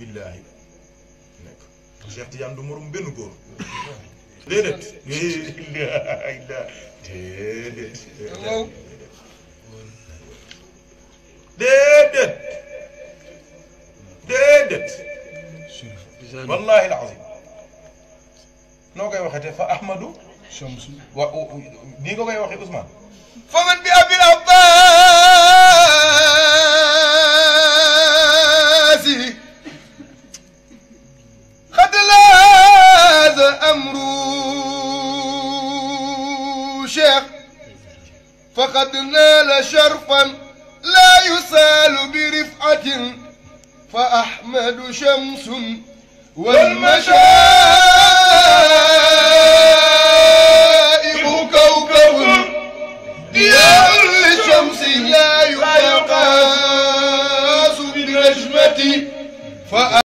billaahi nekk mm. Cheikh Tidiane du morom benn góor déedéet déedéet déedéet déedéet wallaahi alazim noo koy waxeete fa Ahmadou. Shamsu wa nii nga koy waxee Ousmane. fa man bi شيخ فقد نال شرفا لا يسال برفعة فأحمد شمس والمشائخ كوكب ديار لشمس لا يقاس بنجمة فأحمد